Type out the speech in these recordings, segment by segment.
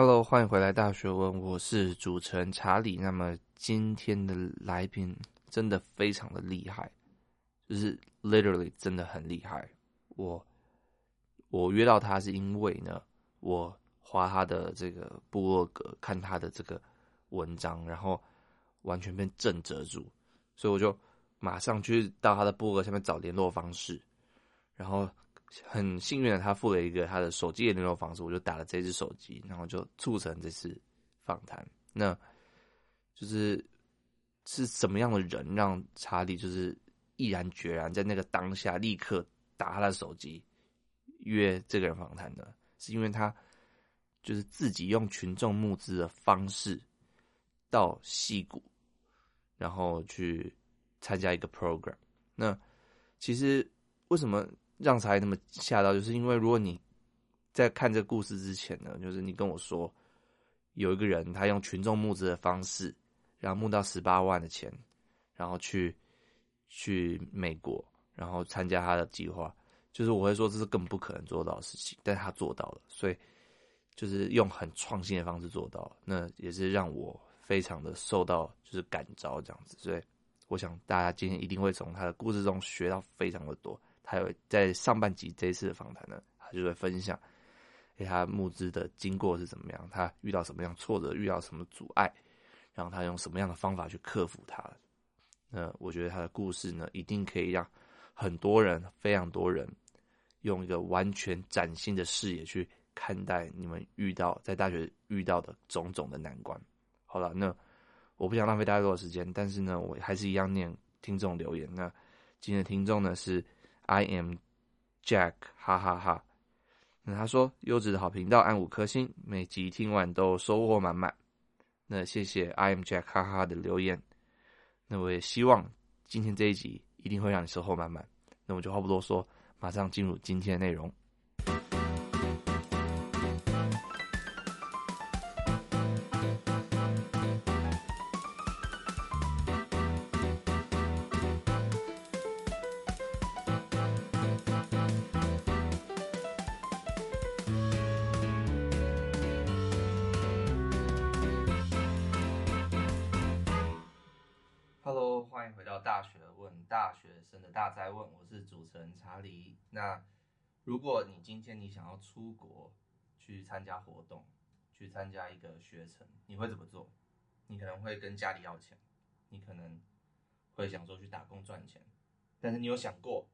Hello，歡迎回來大學問，我是主持人查理。那麼今天的來賓真的非常的厲害，就是 literally 真的很厲害。我我約到他是因為呢，我滑他的這個部落格，看他的這個文章，然後完全被震懾住，所以我就馬上去到他的部落格下面找聯絡方式，然後，很幸運的，他附了一個他的手機的聯絡方式，我就打了這支手機，然後就促成這次訪談。那就是是什麼樣的人讓查理就是毅然決然在那個當下立刻打他的手機約這個人訪談的？是因為他就是自己用群眾募資的方式到矽谷，然後去參加一個 program。那其實為什麼？讓才那麼嚇到，就是因為如果你在看這個故事之前呢，就是你跟我說，有一個人他用群眾募資的方式，然後募到十八萬的錢，然後去去美國，然後參加他的計劃，就是我會說這是更不可能做到的事情，但是他做到了，所以就是用很創新的方式做到，那也是讓我非常的受到就是感召這樣子，所以我想大家今天一定會從他的故事中學到非常的多。還有在上半集這一次的訪談呢，他就會分享、欸、他募資的經過是怎麼樣，他遇到什麼樣挫折，遇到什麼阻礙，然後他用什麼樣的方法去克服它。那我覺得他的故事呢，一定可以讓很多人，非常多人，用一個完全嶄新的視野去看待你們遇到在大學遇到的種種的難關。好了，那我不想浪費大家多少時間，但是呢，我還是一樣念聽眾留言。那今天的聽眾呢，是。I am Jack，哈哈哈。那他說優質的好頻道按五顆星，每集聽完都收穫滿滿。那謝謝 I am Jack，哈哈哈的留言。那我也希望今天這一集一定會讓你收穫滿滿。那我就話不多說，馬上進入今天的內容。回到大學問，大學生的大哉問。我是主持人查理。那如果你今天你想要出國去參加活動，去參加一個學程，你會怎麼做？你可能會跟家裡要錢，你可能會想說去打工賺錢。但是你有想過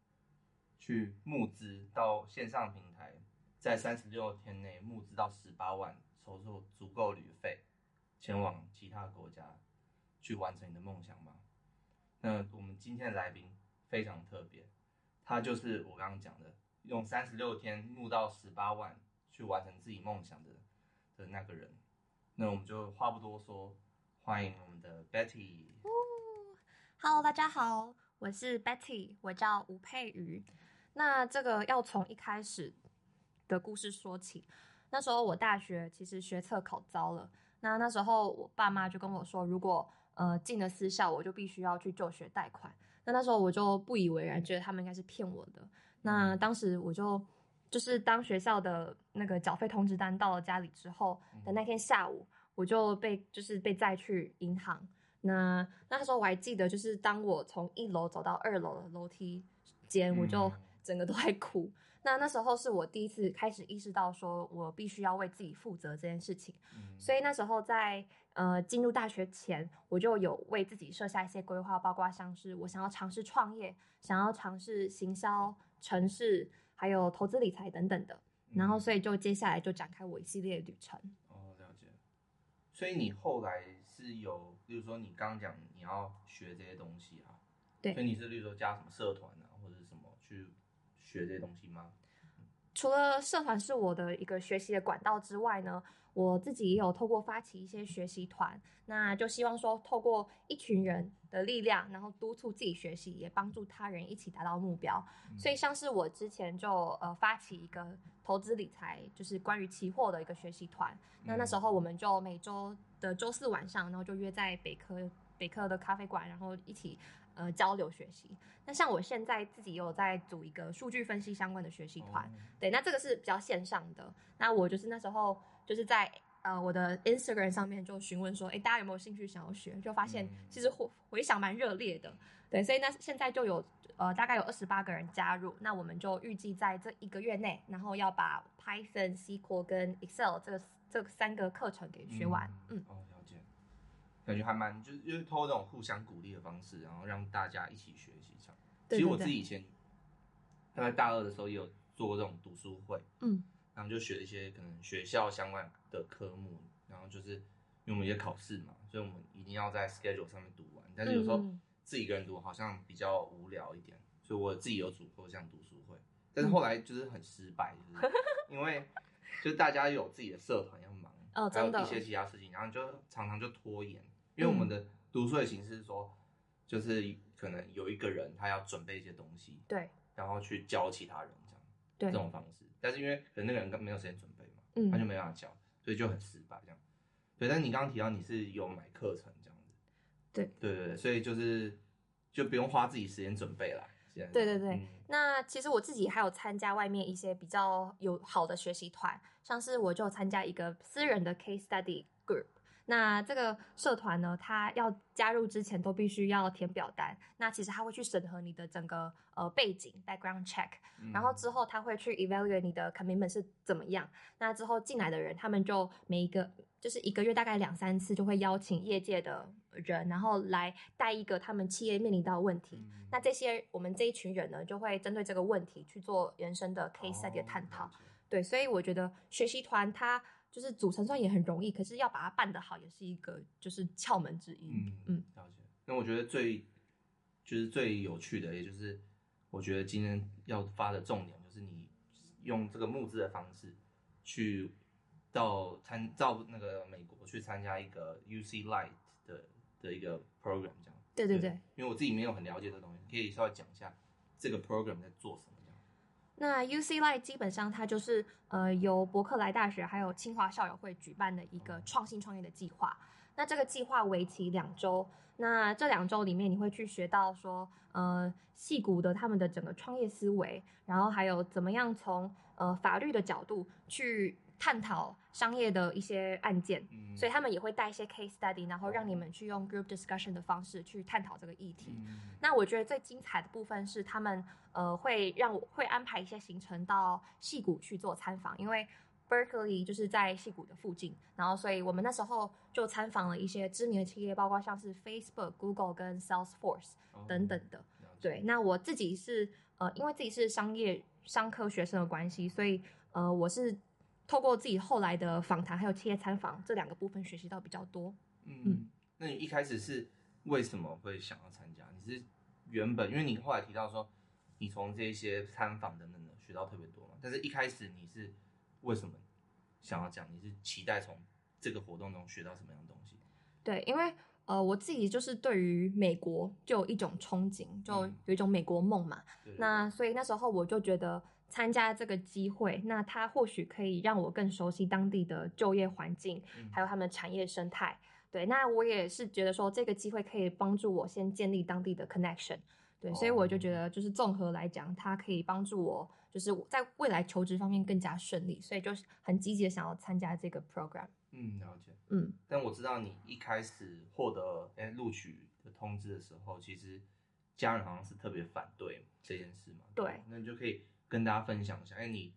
去募資到線上平台，在三十六天內募資到十八萬，收受足夠旅費，前往其他國家去完成你的夢想嗎？那我們今天的來賓非常特別，他就是我剛剛講的用三十六天募到十八萬去完成自己夢想的的那個人。那我們就話不多說，歡迎我們的 Betty。Hello，大家好，我是 Betty，我叫吳珮伃。那這個要從一開始的故事說起。那時候我大學其實學測考糟了，那那時候我爸媽就跟我說，如果呃，進了私校，我就必須要去就學貸款。那那時候我就不以為然，覺得他們應該是騙我的，嗯。那當時我就，就是當學校的那個繳費通知單到了家裡之後的那天下午，我就被就是被載去銀行。那那時候我還記得，就是當我從一樓走到二樓的樓梯間，嗯，我就。整個都在哭。那那時候是我第一次開始意識到，說我必須要為自己負責這件事情。嗯、所以那時候在呃進入大學前，我就有為自己設下一些規劃，包括像是我想要嘗試創業，想要嘗試行銷、城市，還有投資理財等等的。嗯、然後，所以就接下來就展開我一系列旅程。哦，了解。所以你後來是有，比如說你剛剛講你要學這些東西哈、啊，對。所以你是例如說加什麼社團啊，或者是什麼去？學這些東西嗎？除了社團是我的一個學習的管道之外呢，我自己也有透過發起一些學習團，那就希望說透過一群人的力量，然後督促自己學習，也幫助他人一起達到目標。所以像是我之前就呃發起一個投資理財，就是關於期貨的一個學習團。那那時候我們就每周的周四晚上，然後就約在北科，北科的咖啡館，然後一起。呃，交流學習。那像我現在自己有在組一個數據分析相關的學習團，oh. 對，那這個是比較線上的。那我就是那時候就是在呃我的 Instagram 上面就詢問說，誒，大家有沒有興趣想要學？就發現其實回迴響蠻熱烈的，mm. 對，所以那現在就有呃大概有二十八個人加入。那我們就預計在這一個月內，然後要把 Python、SQL 跟 Excel 這個、這個、三個課程給學完，mm. 嗯。Oh. 感覺還蠻，就是就是通過這種互相鼓勵的方式，然後讓大家一起學習。其實我自己以前對對對大概大二的時候也有做過這種讀書會，嗯，然後就學一些可能學校相關的科目，然後就是因為我們也考試嘛，所以我們一定要在 schedule 上面讀完。但是有時候自己一個人讀好像比較無聊一點，所以我自己有組過這樣讀書會，但是後來就是很失敗，就是 因為就大家有自己的社團要忙，哦，還有一些其他事情，哦、然後就、嗯、常常就拖延。因為我們的讀書的形式是說，就是可能有一個人他要準備一些東西，對，然後去教其他人這樣，對，這種方式。但是因為可能那個人沒有時間準備嘛，嗯，他就沒辦法教，所以就很失敗這樣。對，但是你剛剛提到你是有買課程這樣子，對，對對對，所以就是就不用花自己時間準備了，這樣。對對對、嗯，那其實我自己還有參加外面一些比較有好的學習團，像是我就參加一個私人的 case study group。那這個社團呢，他要加入之前都必須要填表單。那其實他會去審核你的整個呃背景 （background check），嗯、然後之後他會去 evaluate 你的 commitment 是怎麼樣。那之後進來的人，他們就每一個就是一個月大概兩三次就會邀請業界的人，然後來帶一個他們企業面臨到問題，嗯。那這些我們這一群人呢，就會針對這個問題去做人生的 case study、哦、的探討。對，所以我覺得學習團他。就是組成上也很容易，可是要把它辦得好，也是一個就是竅門之一。嗯嗯，了解。那我覺得最就是最有趣的，也就是我覺得今天要發的重點，就是你用這個募資的方式去到參照那個美國去參加一個 UC Light 的的一個 program，這樣。對對對，對。因為我自己沒有很了解的東西，可以稍微講一下這個 program 在做什麼？那 U C Light 基本上它就是呃由伯克萊大學還有清華校友會舉辦的一個創新創業的計劃。那這個計劃為期兩週，那這兩週裡面你會去學到說呃矽谷的他們的整個創業思維，然後還有怎麼樣從呃法律的角度去。探討商業的一些案件，所以他們也會帶一些 case study，然後讓你們去用 group discussion 的方式去探討這個議題。嗯、那我覺得最精彩的部分是，他們呃會讓我會安排一些行程到矽谷去做參訪，因為 Berkeley 就是在矽谷的附近。然後，所以我們那時候就參訪了一些知名的企業，包括像是 Facebook、Google 跟 Salesforce 等等的、哦。對，那我自己是呃，因為自己是商業商科學生的關係，所以呃，我是。透過自己後來的訪談，還有企業參訪這兩個部分學習到比較多。嗯，那你一開始是為什麼會想要參加？你是原本因為你後來提到說，你從這些參訪等等的學到特別多嘛？但是一開始你是為什麼想要講？你是期待從這個活動中學到什麼樣的東西？對，因為呃，我自己就是對於美國就有一種憧憬，就有一種美國夢嘛。嗯，對對對。那所以那時候我就覺得。參加這個機會，那它或許可以讓我更熟悉當地的就業環境、嗯，還有他們的產業生態。對，那我也是覺得說這個機會可以幫助我先建立當地的 connection 對，對、哦，所以我就覺得就是綜合來講，它可以幫助我就是我在未來求職方面更加順利。所以就是很積極的想要參加這個 program。嗯，了解。嗯，但我知道你一開始獲得誒錄、欸、取的通知的時候，其實家人好像是特別反對這件事嘛，對，對，那你就可以跟大家分享一下，哎、欸，你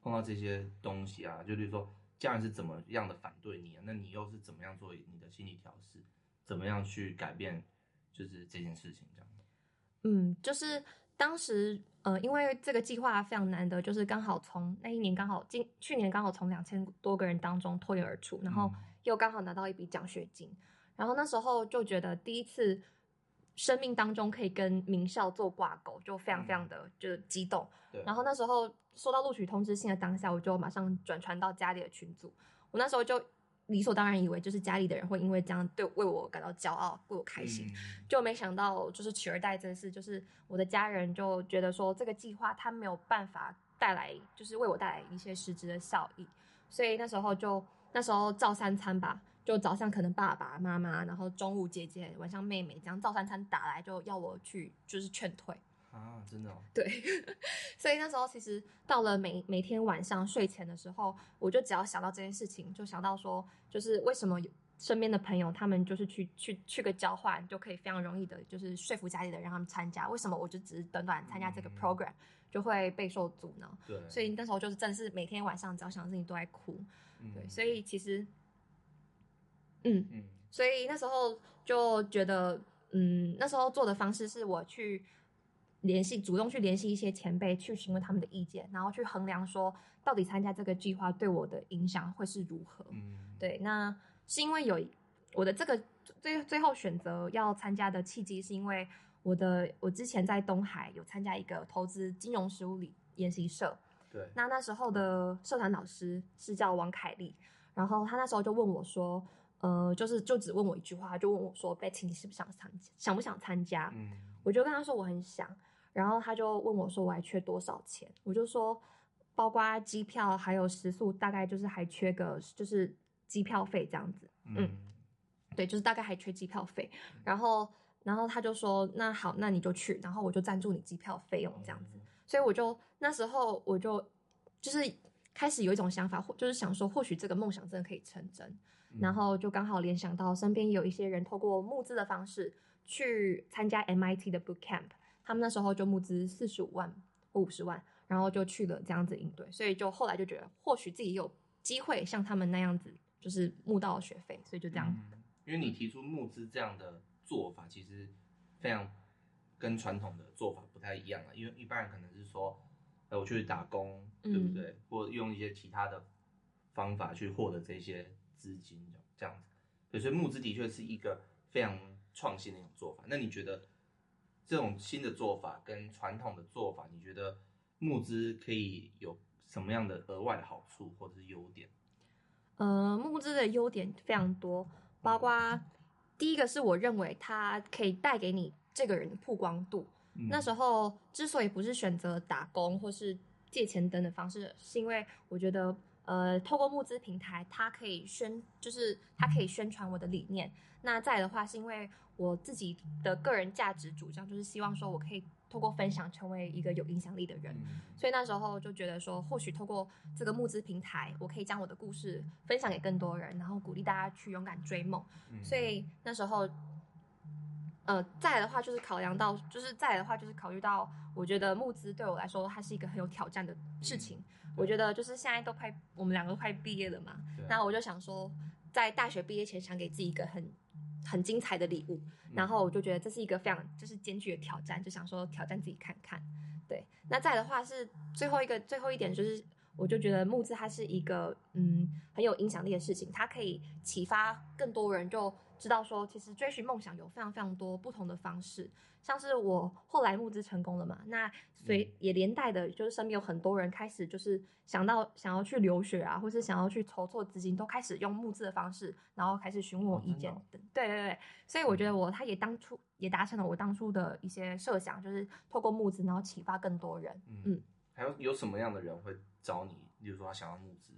碰到這些東西啊，就是說家人是怎麼樣的反對你啊，那你又是怎麼樣做你的心理調適，怎麼樣去改變，就是這件事情這樣。嗯，就是當時呃，因為這個計劃、啊、非常難得，就是剛好從那一年剛好今去年剛好從兩千多個人當中脫穎而出，然後又剛好拿到一筆獎學金，然後那時候就覺得第一次。生命當中可以跟名校做掛鈎，就非常非常的就激動、嗯。對。然後那時候收到錄取通知信的當下，我就馬上轉傳到家裡的群組。我那時候就理所當然以為，就是家裡的人會因為這樣對我為我感到驕傲，為我開心。嗯、就沒想到，就是取而代之的是，就是我的家人就覺得說，這個計劃他沒有辦法帶來，就是為我帶來一些實質的效益。所以那時候就那時候照三餐吧。就早上可能爸爸媽媽，然後中午姐姐，晚上妹妹這樣，照三餐打來就要我去，就是勸退啊，真的、哦、對。所以那時候其實到了每每天晚上睡前的時候，我就只要想到這件事情，就想到說，就是為什麼身邊的朋友他們就是去去去個交換，就可以非常容易的，就是說服家裡的人讓他們參加，為什麼我就只是短短參加這個 program 就會備受阻撓呢？對、嗯，所以那時候就是真的是每天晚上只要想事情都在哭、嗯對，對，所以其實。嗯嗯，所以那時候就覺得，嗯，那時候做的方式是我去聯繫，主動去聯繫一些前輩去詢問他們的意見，然後去衡量說到底參加這個計劃對我的影響會是如何，嗯。對，那是因為有我的這個最最後選擇要參加的契機，是因為我的我之前在東海有參加一個投資金融實務理研習社。對，那那時候的社團老師是叫王凱麗，然後他那時候就問我說，呃，就是就只問我一句話，就問我說 Betty 你是不是想參加，想不想參加 ？”我就跟他說我很想，然後他就問我說我還缺多少錢？我就說，包括機票還有食宿，大概就是還缺個就是機票費這樣子。 嗯，對，就是大概還缺機票費。然後，然後他就說：“那好，那你就去，然後我就贊助你機票費用這樣子。”所以我就那時候我就就是開始有一種想法，或就是想說，或許這個夢想真的可以成真。然後就剛好聯想到身邊有一些人透過募資的方式去參加 MIT 的 Boot Camp，他們那時候就募資四十五萬或五十萬，然後就去了這樣子應對，所以就後來就覺得或許自己有機會像他們那樣子，就是募到學費，所以就這樣、嗯。因為你提出募資這樣的做法，其實非常跟傳統的做法不太一樣啊，因為一般人可能是說，呃，我去打工，對不對？嗯、或用一些其他的方法去獲得這些。資金這樣，這樣子，所以募資的確是一個非常創新的一種做法。那你覺得這種新的做法跟傳統的做法，你覺得募資可以有什麼樣的額外的好處或者是優點？呃，募資的優點非常多，包括第一個是我認為它可以帶給你這個人的曝光度。嗯。那時候之所以不是選擇打工或是借錢等、等的方式，是因為我覺得。呃，透過募資平台，它可以宣，就是它可以宣傳我的理念。那再的話，是因為我自己的個人價值主張，就是希望說我可以透過分享，成為一個有影響力的人。所以那時候就覺得說，或許透過這個募資平台，我可以將我的故事分享給更多人，然後鼓勵大家去勇敢追夢。所以那時候。呃，再來的話就是考量到，就是再來的話就是考慮到，我覺得募資對我來說它是一個很有挑戰的事情。嗯、我覺得就是現在都快，我們兩個都快畢業了嘛、啊，那我就想說，在大學畢業前想給自己一個很很精彩的禮物、嗯，然後我就覺得這是一個非常就是艱巨的挑戰，就想說挑戰自己看看。對，那再的話是最後一個最後一點就是，我就覺得募資它是一個嗯很有影響力的事情，它可以啟發更多人就。知道說，其實追尋夢想有非常非常多不同的方式，像是我後來募資成功了嘛，那所以也連帶的就是身邊有很多人開始就是想到想要去留學啊，或是想要去籌措資金，都開始用募資的方式，然後開始詢問我意見、哦、對對對，所以我覺得我他也當初也達成了我當初的一些設想、嗯，就是透過募資，然後啟發更多人嗯。嗯，還有有什麼樣的人會找你？例如說他想要募資，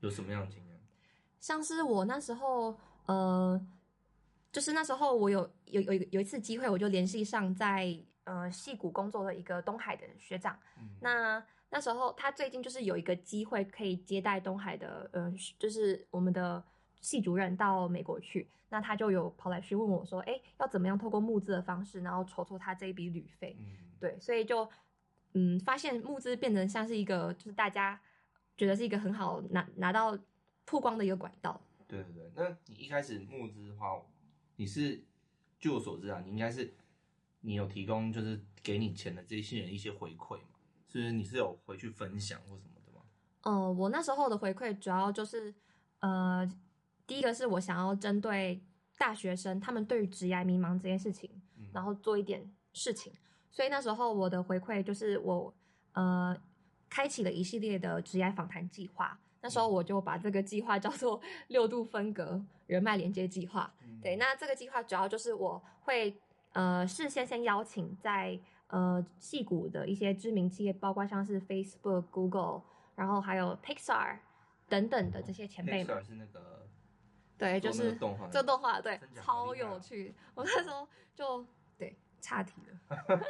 有什麼樣的經驗、嗯？像是我那時候，呃。就是那時候，我有有有有有一次機會，我就聯繫上在呃矽谷工作的一個東海的學長。嗯、那那時候他最近就是有一個機會可以接待東海的呃，就是我們的系主任到美國去。那他就有跑來詢問我說：“哎、欸，要怎麼樣透過募資的方式，然後籌措他這一筆旅費、嗯？”對，所以就嗯發現募資變成像是一個，就是大家覺得是一個很好拿拿到曝光的一個管道。對對對，那你一開始募資的話，你是，據我所知啊，你應該是你有提供，就是給你錢的這些人一些回饋嘛？是不是？你是有回去分享或什麼的嗎？哦、呃，我那時候的回饋主要就是，呃，第一個是我想要針對大學生，他們對於職涯迷茫這件事情、嗯，然後做一點事情，所以那時候我的回饋就是我呃，開啟了一系列的職涯訪談計劃。那時候我就把這個計劃叫做“六度分隔人脈連接計劃”。對，那這個計劃主要就是我會呃事先先邀請在呃矽谷的一些知名企業，包括像是 Facebook、Google，然後還有 Pixar 等等的這些前輩們。Oh, Pixar 是那個對，就是做,個動、就是、做動畫，動畫對，超有趣。有趣 我那時候就對岔題了。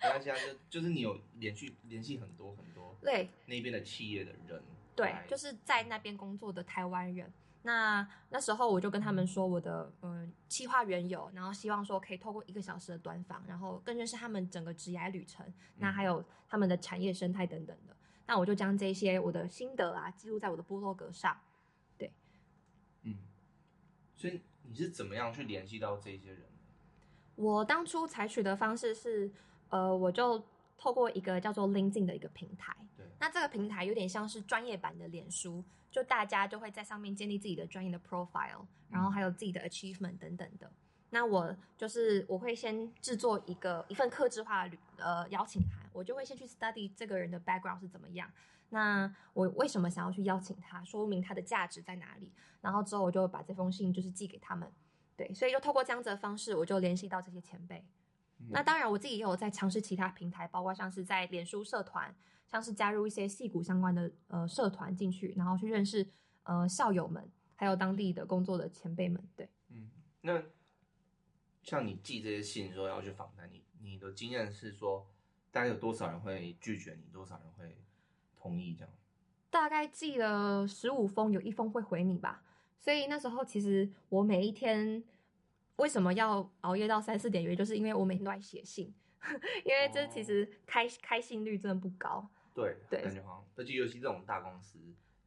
那現在就就是你有連續聯繫很多很多對那邊的企業的人，對，就是在那邊工作的台灣人。那那時候我就跟他們說我的嗯企劃緣由，然後希望說可以透過一個小時的短訪，然後更認識他們整個職涯旅程，那還有他們的產業生態等等的，嗯、那我就將這些我的心得啊記錄在我的部落格上，對，嗯，所以你是怎麼樣去聯繫到這些人？我當初採取的方式是，呃，我就。透過一個叫做 LinkedIn 的一個平台，那這個平台有點像是專業版的臉書，就大家就會在上面建立自己的專業的 profile，然後還有自己的 achievement 等等的。嗯，那我就是我會先制作一個一份客制化的呃邀請函，我就會先去 study 這個人的 background 是怎麼樣，那我為什麼想要去邀請他，說明他的價值在哪裡，然後之後我就把這封信就是寄給他們，對，所以就透過這樣子的方式，我就聯繫到這些前輩。那當然，我自己也有在嘗試其他平台，包括像是在臉書社團，像是加入一些矽谷相關的呃社團進去，然後去認識呃校友們，還有當地的工作的前輩們。對，嗯,那像你寄這些信說要去訪談，你你的經驗是說大概有多少人會拒絕你，多少人會同意這樣？大概寄了十五封，有一封會回你吧。所以那時候其實我每一天。為什麼要熬夜到三四點月？原因就是因為我每天都在寫信，因為這其實開、哦、開信率真的不高。對對，感覺好像，尤其尤其這種大公司。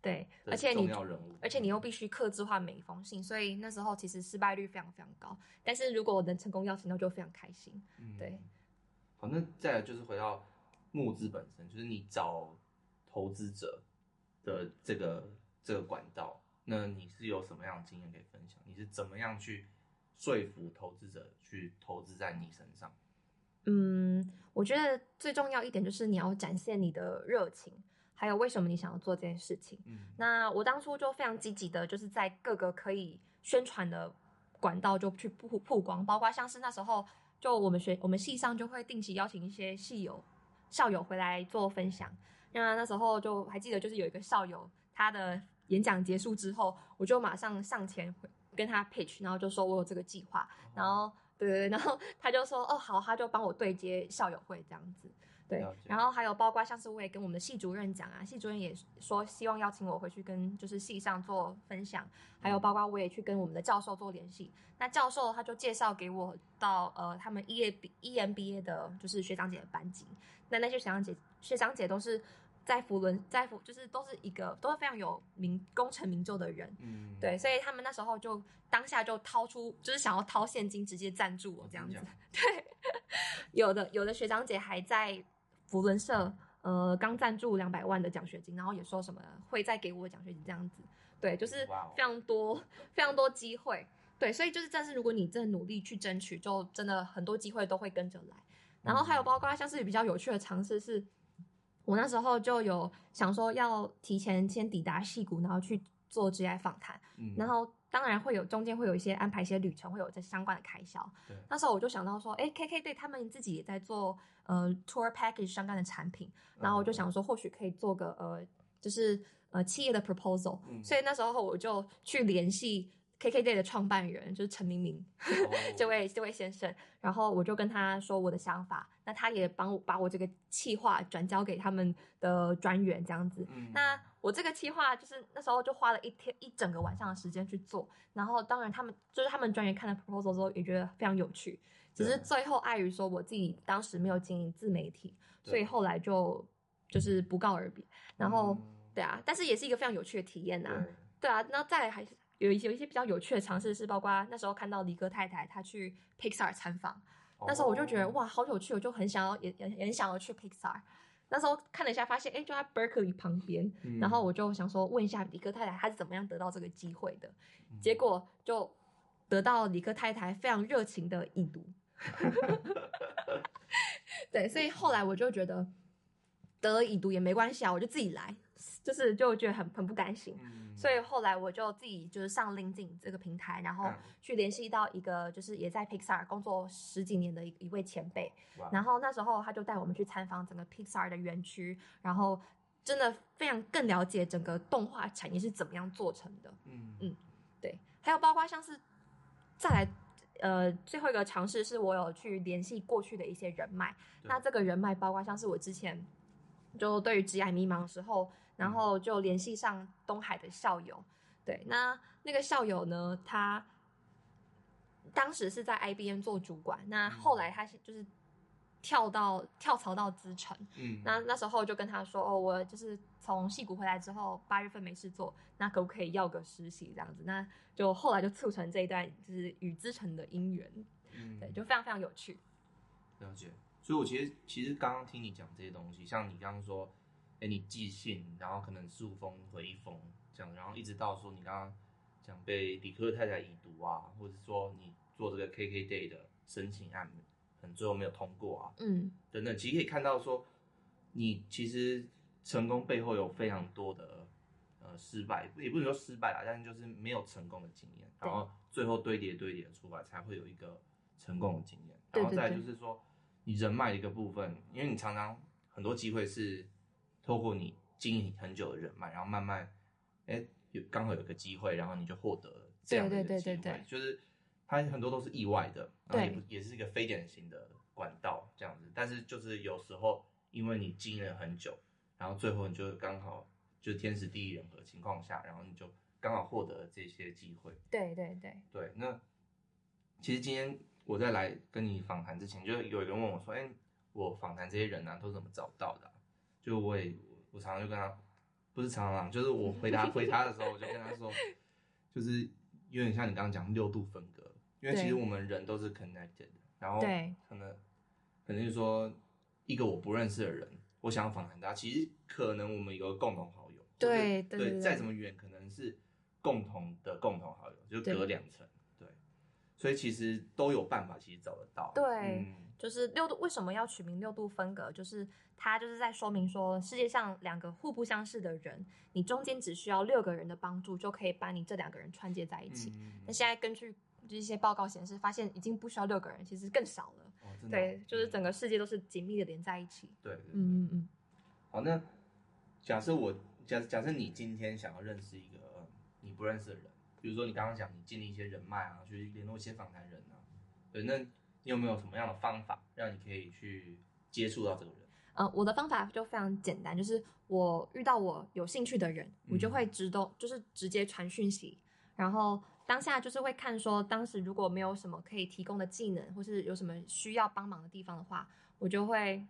對，而且你、嗯、而且你又必須客製化每一封信，所以那時候其實失敗率非常非常高。但是如果能成功邀請到我就非常開心。嗯、對。好，那再來就是回到募資本身，就是你找投資者的這個這個管道，那你是有什麼樣的經驗可以分享？你是怎麼樣去？說服投資者去投資在你身上。嗯，我覺得最重要一點就是你要展現你的熱情，還有為什麼你想要做這件事情。嗯，那我當初就非常積極的，就是在各個可以宣傳的管道就去鋪曝光，包括像是那時候就我們學，我們系上就會定期邀請一些系友校友回來做分享。那那時候就還記得，就是有一個校友他的演講結束之後，我就馬上上前回。跟他 pitch，然後就說我有這個計劃，嗯、然後對對對，然後他就說哦好，他就幫我對接校友會這樣子，對，然後還有包括像是我也跟我們的系主任講啊，系主任也說希望邀請我回去跟就是系上做分享，還有包括我也去跟我們的教授做聯繫，嗯、那教授他就介紹給我到呃他們 EMBA 的就是學長姐的班級，那那些學長姐學長姐都是。在扶輪，在扶，就是都是一個都是非常有名、功成名就的人，嗯，對，所以他們那時候就當下就掏出，就是想要掏現金直接贊助我這樣子，對，有的有的學長姐還在扶輪社，呃，剛贊助兩百萬的獎學金，然後也說什麼會再給我獎學金這樣子，對，就是非常多非常多機會，對，所以就是但是如果你真的努力去爭取，就真的很多機會都會跟着來，然後還有包括像是比較有趣的嘗試是。我那時候就有想說要提前先抵達矽谷，然後去做職涯訪談、嗯，然後當然會有中間會有一些安排，一些旅程會有這相關的開銷。那時候我就想到說，哎，K K 對，他們自己也在做呃 tour package 相關的產品，然後我就想說或許可以做個呃，就是呃企業的 proposal、嗯。所以那時候我就去聯繫。KKday 的創辦人就是陳明明，這、oh. 位這位先生。然後我就跟他說我的想法，那他也幫我把我這個企劃轉交給他們的專員，這樣子、嗯。那我這個企劃就是那時候就花了一天一整個晚上的時間去做。然後當然他們就是他們專員看了 proposal 之後也覺得非常有趣，只是最後礙於說我自己當時沒有經營自媒體，所以後來就就是不告而別。然後、嗯、對啊，但是也是一個非常有趣的體驗吶、啊。對啊，那再來還是。有有一些比較有趣的嘗試是，包括那時候看到理科太太他去 Pixar 參訪，oh, 那時候我就覺得哇，好有趣，我就很想要也也也想要去 Pixar。那時候看了一下，發現哎、欸，就在 Berkeley 旁邊、嗯，然後我就想說問一下理科太太，他是怎麼樣得到這個機會的？結果就得到理科太太非常熱情的已讀。 對，所以後來我就覺得得已讀也沒關係啊，我就自己來。就是就覺得很很不甘心，mm -hmm. 所以後來我就自己就是上 l 近這個平台，然後去聯繫到一個就是也在 Pixar 工作十幾年的一一位前輩，wow. 然後那時候他就帶我們去參訪整個 Pixar 的園區，然後真的非常更了解整個動畫產業是怎麼樣做成的。嗯、mm -hmm. 嗯，對，還有包括像是再來呃最後一個嘗試是我有去聯繫過去的一些人脈，mm -hmm. 那這個人脈包括像是我之前就對於 AI 迷茫的時候。然後就聯繫上東海的校友，嗯，對，那那個校友呢，他當時是在 IBM 做主管，嗯，那後來他就是跳到跳槽到資誠，嗯，那那時候就跟他說，哦，我就是從矽谷回來之後，八月份沒事做，那可不可以要個實習這樣子？那就後來就促成這一段就是與資誠的姻緣，嗯，對，就非常非常有趣。了解，所以我其實其實剛剛聽你講這些東西，像你剛剛說。誒、欸，你寄信，然後可能數封回一封，這樣，然後一直到說你剛剛講被理科太太已讀啊，或者說你做這個 KKday 的申請案，很最後沒有通過啊，嗯，等等，其實可以看到說你其實成功背後有非常多的、嗯、呃失敗，也不能說失敗啦，但就是沒有成功的經驗，然後最後堆疊堆疊出來才會有一個成功的經驗。然後再就是說對對對你人脈的一個部分，因為你常常很多機會是。透過你經營很久的人嘛，然後慢慢，哎、欸，有剛好有個機會，然後你就獲得這樣的機會，對對對對對對，就是它很多都是意外的，然後也不也是一個非典型的管道這樣子。但是就是有時候因為你經營了很久，然後最後你就剛好就天時地利人和情況下，然後你就剛好獲得了這些機會。對對對對，那其實今天我在來跟你訪談之前，就有人問我說：“哎、欸，我訪談這些人呢、啊，都怎麼找到的、啊？”就我也我常常就跟他，不是常常，講，就是我回答 回他的時候，我就跟他說，就是有點像你剛剛講六度分割，因為其實我們人都是 connected 然後可能可能就說一個我不認識的人，我想要訪談他，其實可能我們有共同好友，對對，對，再怎麼遠，可能是共同的共同好友，就隔兩層。所以其實都有辦法，其實找得到。對、嗯，就是六度，為什麼要取名六度分隔？就是它就是在說明說，世界上兩個互不相識的人，你中間只需要六個人的幫助，就可以把你這兩個人串接在一起。嗯嗯嗯。那現在根據這些報告顯示，發現已經不需要六個人，其實更少了。哦啊、對，就是整個世界都是緊密的連在一起。對對對。對，嗯嗯嗯。好，那假設我假假設你今天想要認識一個你不認識的人。比如說你剛剛講，你建立一些人脈啊，去聯絡一些訪談人啊，對，那你有沒有什麼樣的方法讓你可以去接觸到這個人？呃，我的方法就非常簡單，就是我遇到我有興趣的人，我就會直都就是直接傳訊息，嗯，然後當下就是會看說，當時如果沒有什麼可以提供的技能或是有什麼需要幫忙的地方的話，我就會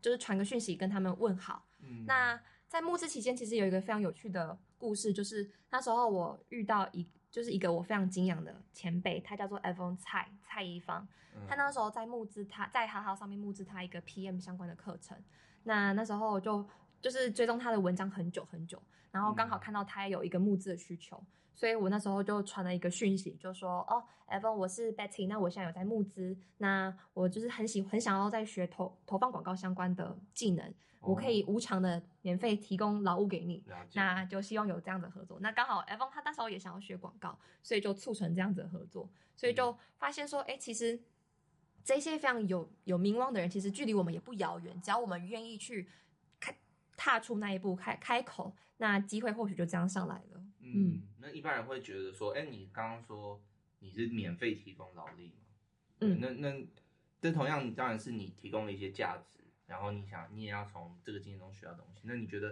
就是傳個訊息跟他們問好。嗯，那在募資期間其實有一個非常有趣的故事，就是那時候我遇到一個。就是一個我非常敬仰的前輩，他叫做 Evan 蔡蔡一方。他那時候在募資，他在哈哈上面募資他一個 PM 相關的課程，那那時候我就。就是追蹤他的文章很久很久，然後剛好看到他有一個募資的需求、嗯，所以我那時候就傳了一個訊息，就說：“哦，Evan，我是 Betty，那我現在有在募資，那我就是很喜很想要再學投投放廣告相關的技能，嗯，我可以無償的免費提供勞務給你，那就希望有這樣的合作。那剛好 Evan 他當時候也想要學廣告，所以就促成這樣子的合作，所以就發現說，哎，嗯欸，其實這些非常有有名望的人，其實距離我們也不遙遠，只要我們願意去。”踏出那一步開開口，那機會或許就這樣上來了嗯。嗯，那一般人會覺得說，哎、欸，你剛剛說你是免費提供勞力嗎？嗯，那那這同樣，當然是你提供了一些價值，然後你想你也要從這個經驗中學到東西。那你覺得，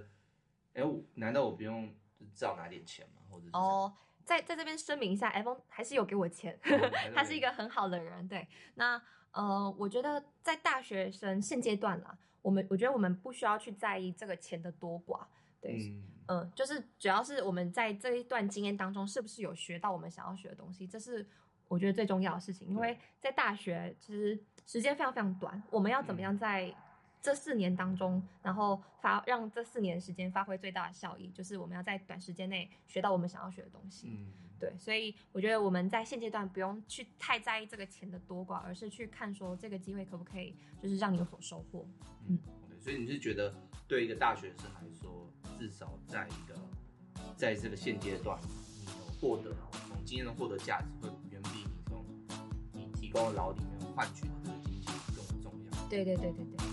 哎、欸，我難道我不用至少拿點錢嗎？或者是哦、oh,，在在這邊聲明一下，iPhone 還是有給我錢， 他是一個很好的人。對，那。呃，我覺得在大學生現階段啦，我們我覺得我們不需要去在意這個錢的多寡，對，嗯，呃，就是主要是我們在這一段經驗當中是不是有學到我們想要學的東西，這是我覺得最重要的事情，因為在大學其實時間非常非常短，我們要怎麼樣在，嗯。這四年當中，然後發讓這四年時間發揮最大的效益，就是我們要在短時間內學到我們想要學的東西。嗯。對，所以我覺得我們在現階段不用去太在意這個錢的多寡，而是去看說這個機會可不可以就是讓你有所收穫。嗯，對、嗯，Okay, 所以你是覺得對一個大學生來說，至少在一個在這個現階段，嗯、你獲得，嗯你獲得嗯、從經驗的獲得價值會遠比你從你提供的勞裡面換取的這個金錢更重要。對對對對對。